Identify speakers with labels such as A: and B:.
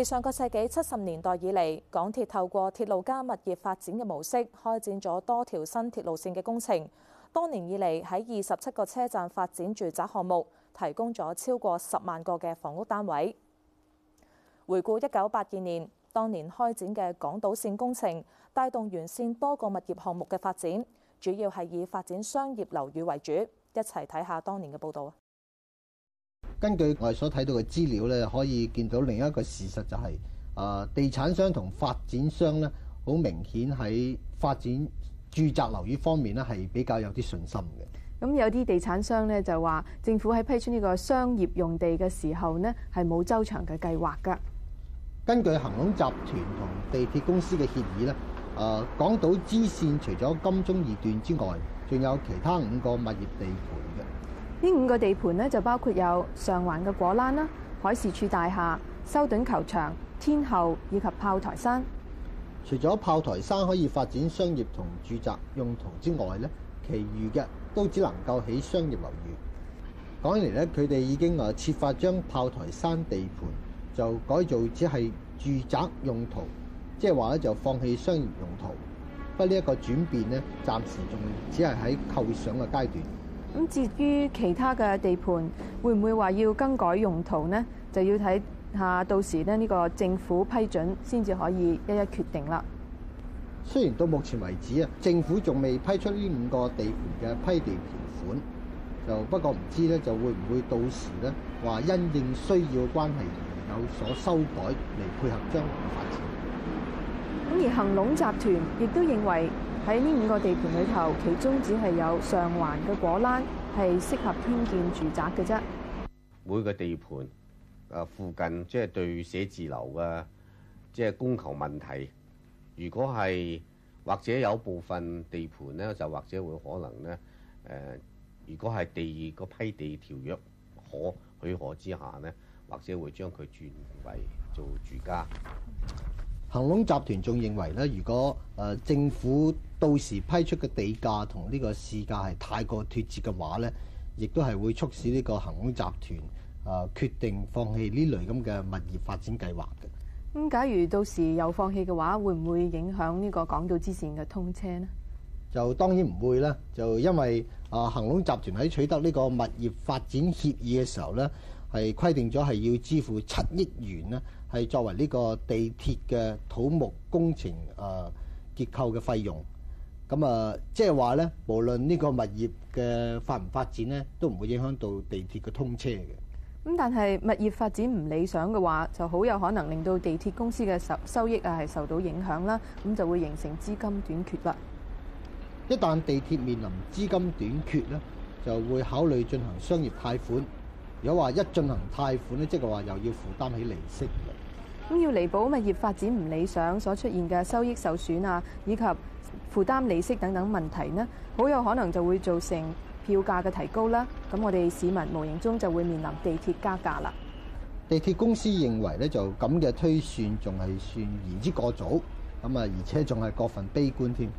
A: 自上個世紀七十年代以嚟，港鐵透過鐵路加物業發展嘅模式，開展咗多條新鐵路線嘅工程。多年以嚟，喺二十七個車站發展住宅項目，提供咗超過十萬個嘅房屋單位。回顧一九八二年，當年開展嘅港島線工程，帶動沿線多個物業項目嘅發展，主要係以發展商業樓宇為主。一齊睇下當年嘅報導。
B: 根據我哋所睇到嘅資料咧，可以見到另一個事實就係，啊，地產商同發展商咧，好明顯喺發展住宅樓宇方面咧，係比較有啲信心嘅。
A: 咁有啲地產商咧就話，政府喺批出呢個商業用地嘅時候呢，係冇周長嘅計劃嘅。
B: 根據恒隆集團同地鐵公司嘅協議咧，啊，港島支線除咗金鐘二段之外，仲有其他五個物業地盤嘅。
A: 呢五個地盤咧就包括有上環嘅果欄啦、海事處大廈、修頓球場、天后以及炮台山。
B: 除咗炮台山可以發展商業同住宅用途之外咧，其餘嘅都只能夠起商業樓宇。講起嚟咧，佢哋已經啊設法將炮台山地盤就改造只係住宅用途，即係話咧就放棄商業用途。不過呢一個轉變咧，暫時仲只係喺構想嘅階段。
A: 咁至於其他嘅地盤，會唔會話要更改用途呢？就要睇下到時咧呢個政府批准先至可以一一決定啦。
B: 雖然到目前為止啊，政府仲未批出呢五個地盤嘅批地條款，就不過唔知咧，就會唔會到時咧話因應需要關係而有所修改嚟配合將來發展。
A: 咁而恒隆集團亦都認為。喺呢五個地盤裏頭，其中只係有上環嘅果欄係適合興建住宅嘅啫。
B: 每個地盤誒附近，即、就、係、是、對寫字樓嘅即係供求問題，如果係或者有部分地盤咧，就或者會可能咧誒、呃，如果係第二個批地條約可許可之下咧，或者會將佢轉為做住家。恒隆集團仲認為咧，如果誒政府到時批出嘅地價同呢個市價係太過脫節嘅話咧，亦都係會促使呢個恒隆集團誒決定放棄呢類咁嘅物業發展計劃嘅。
A: 咁、嗯、假如到時有放棄嘅話，會唔會影響呢個港島支線嘅通車呢？
B: 就當然唔會啦。就因為啊，恆隆集團喺取得呢個物業發展協議嘅時候咧，係規定咗係要支付七億元呢，係作為呢個地鐵嘅土木工程啊結構嘅費用。咁啊，即係話咧，無論呢個物業嘅發唔發展咧，都唔會影響到地鐵嘅通車嘅。
A: 咁但係物業發展唔理想嘅話，就好有可能令到地鐵公司嘅收收益啊係受到影響啦。咁就會形成資金短缺啦。
B: 一旦地鐵面臨資金短缺咧，就會考慮進行商業貸款。如果話一進行貸款咧，即係話又要負擔起利息。咁
A: 要彌補物業發展唔理想所出現嘅收益受損啊，以及負擔利息等等問題呢，好有可能就會造成票價嘅提高啦。咁我哋市民無形中就會面臨地鐵加價啦。
B: 地鐵公司認為咧，就咁嘅推算仲係算言之過早。咁啊，而且仲係過分悲觀添。